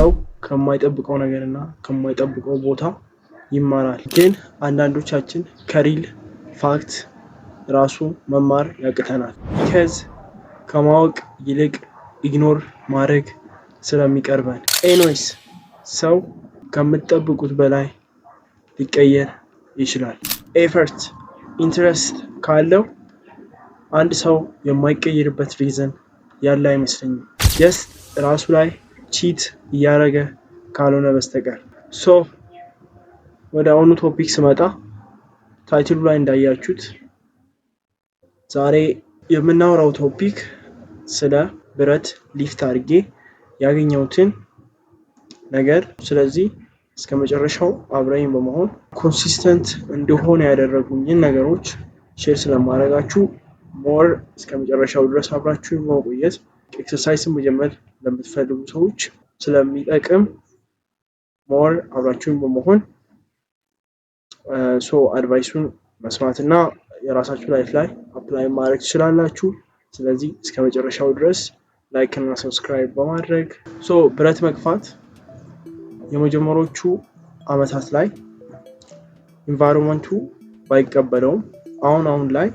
ሰው ከማይጠብቀው ነገርና ከማይጠብቀው ቦታ ይማራል። ግን አንዳንዶቻችን ከሪል ፋክት ራሱ መማር ያቅተናል። ከዝ ከማወቅ ይልቅ ኢግኖር ማድረግ ስለሚቀርበን። ኤኖይስ ሰው ከምትጠብቁት በላይ ሊቀየር ይችላል። ኤፈርት ኢንትረስት ካለው አንድ ሰው የማይቀየርበት ሪዝን ያለ አይመስለኝም። ጀስት ራሱ ላይ ቺት እያደረገ ካልሆነ በስተቀር ሶ ወደ አሁኑ ቶፒክ ስመጣ ታይትሉ ላይ እንዳያችሁት ዛሬ የምናወራው ቶፒክ ስለ ብረት ሊፍት አድርጌ ያገኘሁትን ነገር ስለዚህ እስከ መጨረሻው አብረኝ በመሆን ኮንሲስተንት እንደሆነ ያደረጉኝን ነገሮች ሼር ስለማድረጋችሁ ሞር እስከ መጨረሻው ድረስ አብራችሁ በመቆየት ኤክሰርሳይስን መጀመር ለምትፈልጉ ሰዎች ስለሚጠቅም ሞር አብራችሁን በመሆን ሶ አድቫይሱን መስማትና የራሳችሁ ላይፍ ላይ አፕላይ ማድረግ ትችላላችሁ። ስለዚህ እስከ መጨረሻው ድረስ ላይክ እና ሰብስክራይብ በማድረግ ሶ ብረት መግፋት የመጀመሮቹ አመታት ላይ ኢንቫይሮንመንቱ ባይቀበለውም አሁን አሁን ላይ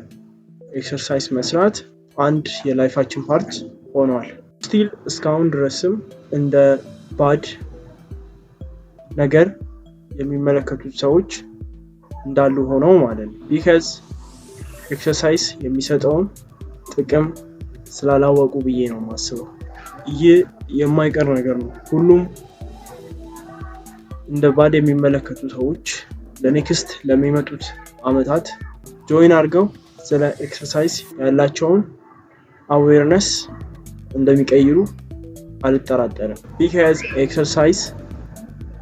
ኤክሰርሳይዝ መስራት አንድ የላይፋችን ፓርት ሆኗል። ስቲል እስካሁን ድረስም እንደ ባድ ነገር የሚመለከቱት ሰዎች እንዳሉ ሆነው ማለት ነው። ቢከዝ ኤክሰርሳይዝ የሚሰጠውን ጥቅም ስላላወቁ ብዬ ነው የማስበው። ይህ የማይቀር ነገር ነው። ሁሉም እንደ ባድ የሚመለከቱ ሰዎች ለኔክስት ለሚመጡት አመታት ጆይን አድርገው ስለ ኤክሰርሳይዝ ያላቸውን አዌርነስ እንደሚቀይሩ አልጠራጠርም። ቢካዝ ኤክሰርሳይዝ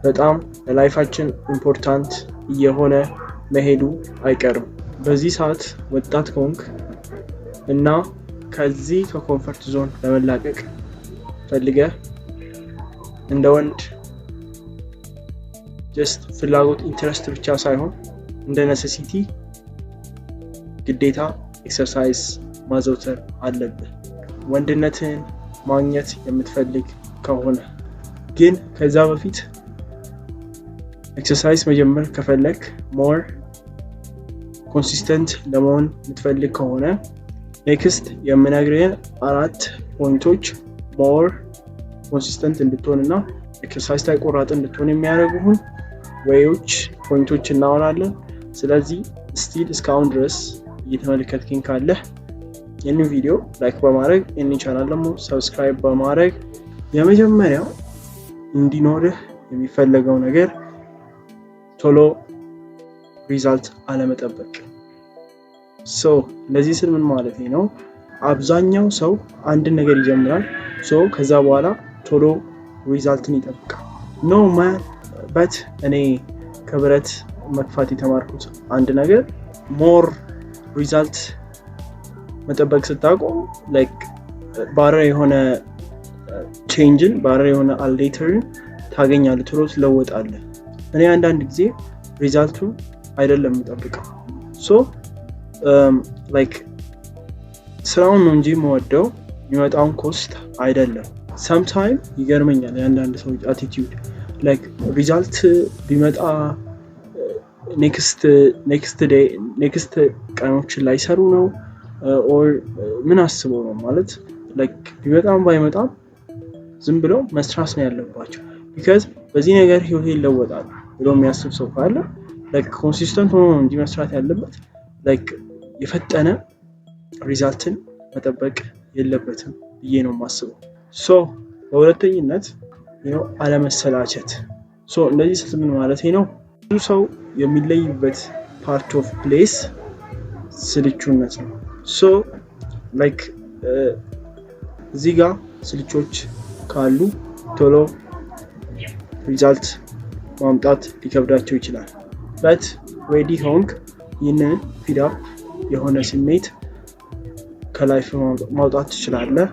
በጣም ለላይፋችን ኢምፖርታንት እየሆነ መሄዱ አይቀርም። በዚህ ሰዓት ወጣት ከሆንክ እና ከዚህ ከኮንፈርት ዞን ለመላቀቅ ፈልገህ እንደ ወንድ ጀስት ፍላጎት ኢንትረስት ብቻ ሳይሆን እንደ ነሰሲቲ ግዴታ ኤክሰርሳይዝ ማዘውተር አለብን። ወንድነትህን ማግኘት የምትፈልግ ከሆነ ግን ከዛ በፊት ኤክሰርሳይዝ መጀመር ከፈለግ ሞር ኮንሲስተንት ለመሆን የምትፈልግ ከሆነ ኔክስት የምነግርህን አራት ፖይንቶች ሞር ኮንሲስተንት እንድትሆን እና ኤክሰርሳይዝ ላይ ቆራጥ እንድትሆን የሚያደርጉህን ወይዎች ፖይንቶች እናወራለን። ስለዚህ ስቲል እስካሁን ድረስ እየተመለከትክኝ ካለህ ይህንን ቪዲዮ ላይክ በማድረግ ይህንን ቻናል ደግሞ ሰብስክራይብ በማድረግ የመጀመሪያው እንዲኖርህ የሚፈለገው ነገር ቶሎ ሪዛልት አለመጠበቅ። ሶ ለዚህ ስል ምን ማለት ነው? አብዛኛው ሰው አንድን ነገር ይጀምራል። ሶ ከዛ በኋላ ቶሎ ሪዛልትን ይጠብቃል። ኖ በት እኔ ከብረት መግፋት የተማርኩት አንድ ነገር ሞር ሪዛልት መጠበቅ ስታቆም ባረር የሆነ ቼንጅን uh, ባረር የሆነ አልሌተርን ታገኛለ ትሎ ትለወጣለህ። እኔ አንዳንድ ጊዜ ሪዛልቱ አይደለም የምጠብቀው ሶ um, ስራውን ነው እንጂ መወደው የሚመጣውን ኮስት አይደለም። ሰምታይም ይገርመኛል የአንዳንድ ሰው አቲቲዩድ ሪዛልት ቢመጣ ኔክስት uh, ቀኖችን ላይሰሩ ነው Uh, uh, ምን አስበው ነው ማለት ላይክ ቢመጣም ባይመጣም ዝም ብለው መስራት ነው ያለባቸው። ቢካዝ በዚህ ነገር ህይወት ይለወጣል ብሎ የሚያስብ ሰው ካለ ላይክ ኮንሲስተንት ሆኖ ነው መስራት ያለበት ላይክ የፈጠነ ሪዛልትን መጠበቅ የለበትም ብዬ ነው የማስበው። ሶ በሁለተኝነት አለመሰላቸት። ሶ እንደዚህ ምን ማለት ነው? ብዙ ሰው የሚለይበት ፓርት ኦፍ ፕሌስ ስልቹነት ነው። ሶ ላይክ እዚህ ጋር ስልቾች ካሉ ቶሎ ሪዛልት ማምጣት ሊከብዳቸው ይችላል። በት ሬዲ ሆንክ ይህንን ፊዳፕ የሆነ ስሜት ከላይፍ ማውጣት ትችላለህ።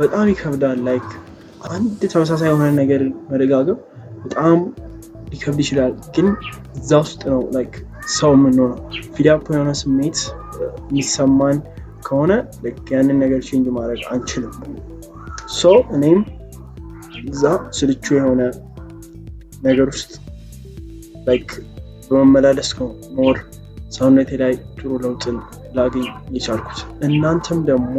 በጣም ይከብዳል። ላይክ አንድ ተመሳሳይ የሆነ ነገር መደጋገም በጣም ሊከብድ ይችላል፣ ግን እዛ ውስጥ ነው ላይክ ሰው የምንሆነው። ፊዳፕ የሆነ ስሜት የሚሰማን ከሆነ ያንን ነገር ቼንጅ ማድረግ አንችልም። ሶ እኔም እዛ ስልቹ የሆነ ነገር ውስጥ ላይክ በመመላለስ ነው ሞር ሰውነቴ ላይ ጥሩ ለውጥን ላገኝ የቻልኩት። እናንተም ደግሞ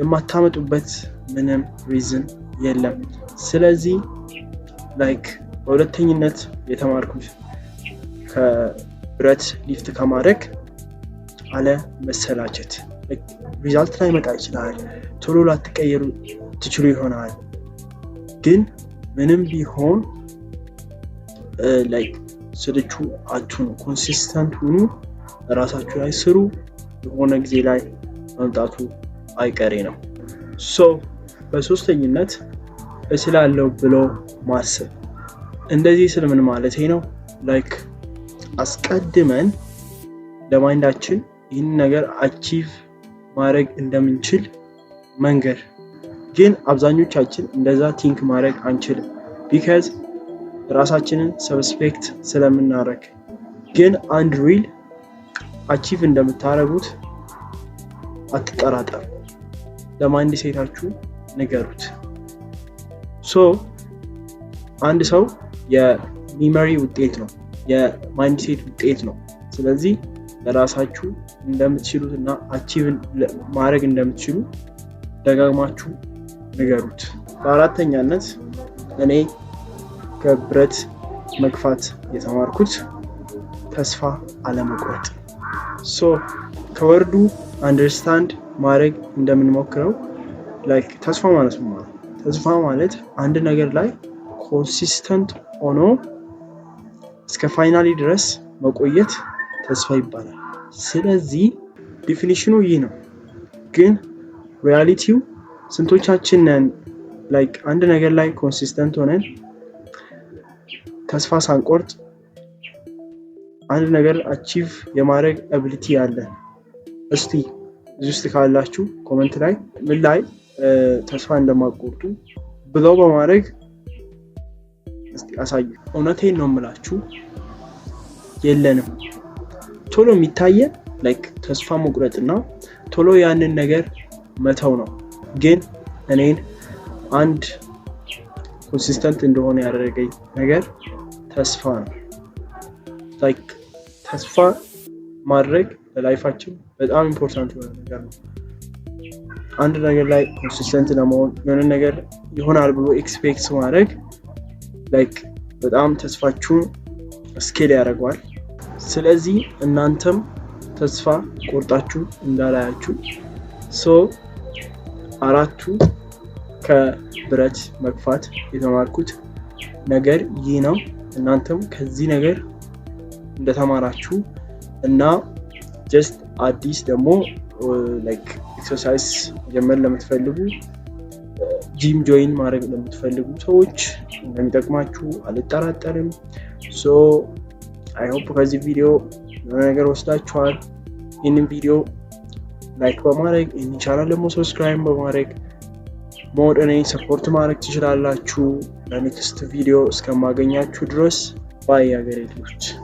የማታመጡበት ምንም ሪዝን የለም። ስለዚህ ላይክ በሁለተኝነት የተማርኩት ከብረት ሊፍት ከማድረግ አለ መሰላቸት ሪዛልት ላይ መጣ ይችላል። ቶሎ ላትቀየሩ ትችሉ ይሆናል። ግን ምንም ቢሆን ስልቹ አትሁኑ፣ ኮንሲስተንት ሁኑ፣ ራሳችሁ ላይ ስሩ። የሆነ ጊዜ ላይ መምጣቱ አይቀሬ ነው። ሶ በሶስተኝነት እስላለው ብሎ ማሰብ እንደዚህ ስል ምን ማለት ነው? ላይክ አስቀድመን ለማይንዳችን ይህን ነገር አቺቭ ማድረግ እንደምንችል መንገድ ግን አብዛኞቻችን እንደዛ ቲንክ ማድረግ አንችልም፣ ቢካዝ ራሳችንን ሰብስፔክት ስለምናደረግ። ግን አንድ ሪል አቺቭ እንደምታደረጉት አትጠራጠሩ። ለማይንድ ሴታችሁ ንገሩት። ሶ አንድ ሰው የሚመሪ ውጤት ነው፣ የማይንድሴት ውጤት ነው። ስለዚህ ለራሳችሁ እንደምትችሉት እና አቺቭን ማድረግ እንደምትችሉ ደጋግማችሁ ንገሩት። በአራተኛነት እኔ ከብረት መግፋት የተማርኩት ተስፋ አለመቁረጥ። ሶ ከወርዱ አንደርስታንድ ማድረግ እንደምንሞክረው ተስፋ ማለት ነው። ተስፋ ማለት አንድ ነገር ላይ ኮንሲስተንት ሆኖ እስከ ፋይናሊ ድረስ መቆየት ተስፋ ይባላል። ስለዚህ ዲፊኒሽኑ ይህ ነው። ግን ሪያሊቲው ስንቶቻችን ነን ላይክ አንድ ነገር ላይ ኮንሲስተንት ሆነን ተስፋ ሳንቆርጥ አንድ ነገር አቺቭ የማድረግ አብሊቲ ያለን? እስቲ እዚህ ውስጥ ካላችሁ ኮመንት ላይ ምን ላይ ተስፋ እንደማቆርጡ ብለው በማድረግ እስቲ እውነቴ እውነቴን ነው የምላችሁ የለንም። ቶሎ የሚታየን ላይክ ተስፋ መቁረጥና ቶሎ ያንን ነገር መተው ነው። ግን እኔን አንድ ኮንሲስተንት እንደሆነ ያደረገኝ ነገር ተስፋ ነው። ላይክ ተስፋ ማድረግ ለላይፋችን በጣም ኢምፖርታንት የሆነ ነገር ነው። አንድ ነገር ላይ ኮንሲስተንት ለመሆን የሆነ ነገር ይሆናል ብሎ ኤክስፔክት ማድረግ ላይክ በጣም ተስፋችሁ ስኬል ያደርገዋል። ስለዚህ እናንተም ተስፋ ቆርጣችሁ እንዳላያችሁ ሶ አራቱ ከብረት መግፋት የተማርኩት ነገር ይህ ነው። እናንተም ከዚህ ነገር እንደተማራችሁ እና ጀስት አዲስ ደግሞ ኤክሰርሳይዝ ጀመር ለምትፈልጉ ጂም ጆይን ማድረግ ለምትፈልጉ ሰዎች እንደሚጠቅማችሁ አልጠራጠርም። ሶ አይሆፕ ከዚህ ቪዲዮ ነገር ወስዳችኋል። ይህንን ቪዲዮ ላይክ በማድረግ ይህን ቻናል ደግሞ ሰብስክራይብ በማድረግ ሞድ ሰፖርት ማድረግ ትችላላችሁ። ለኔክስት ቪዲዮ እስከማገኛችሁ ድረስ ባይ አገሬ ልጆች።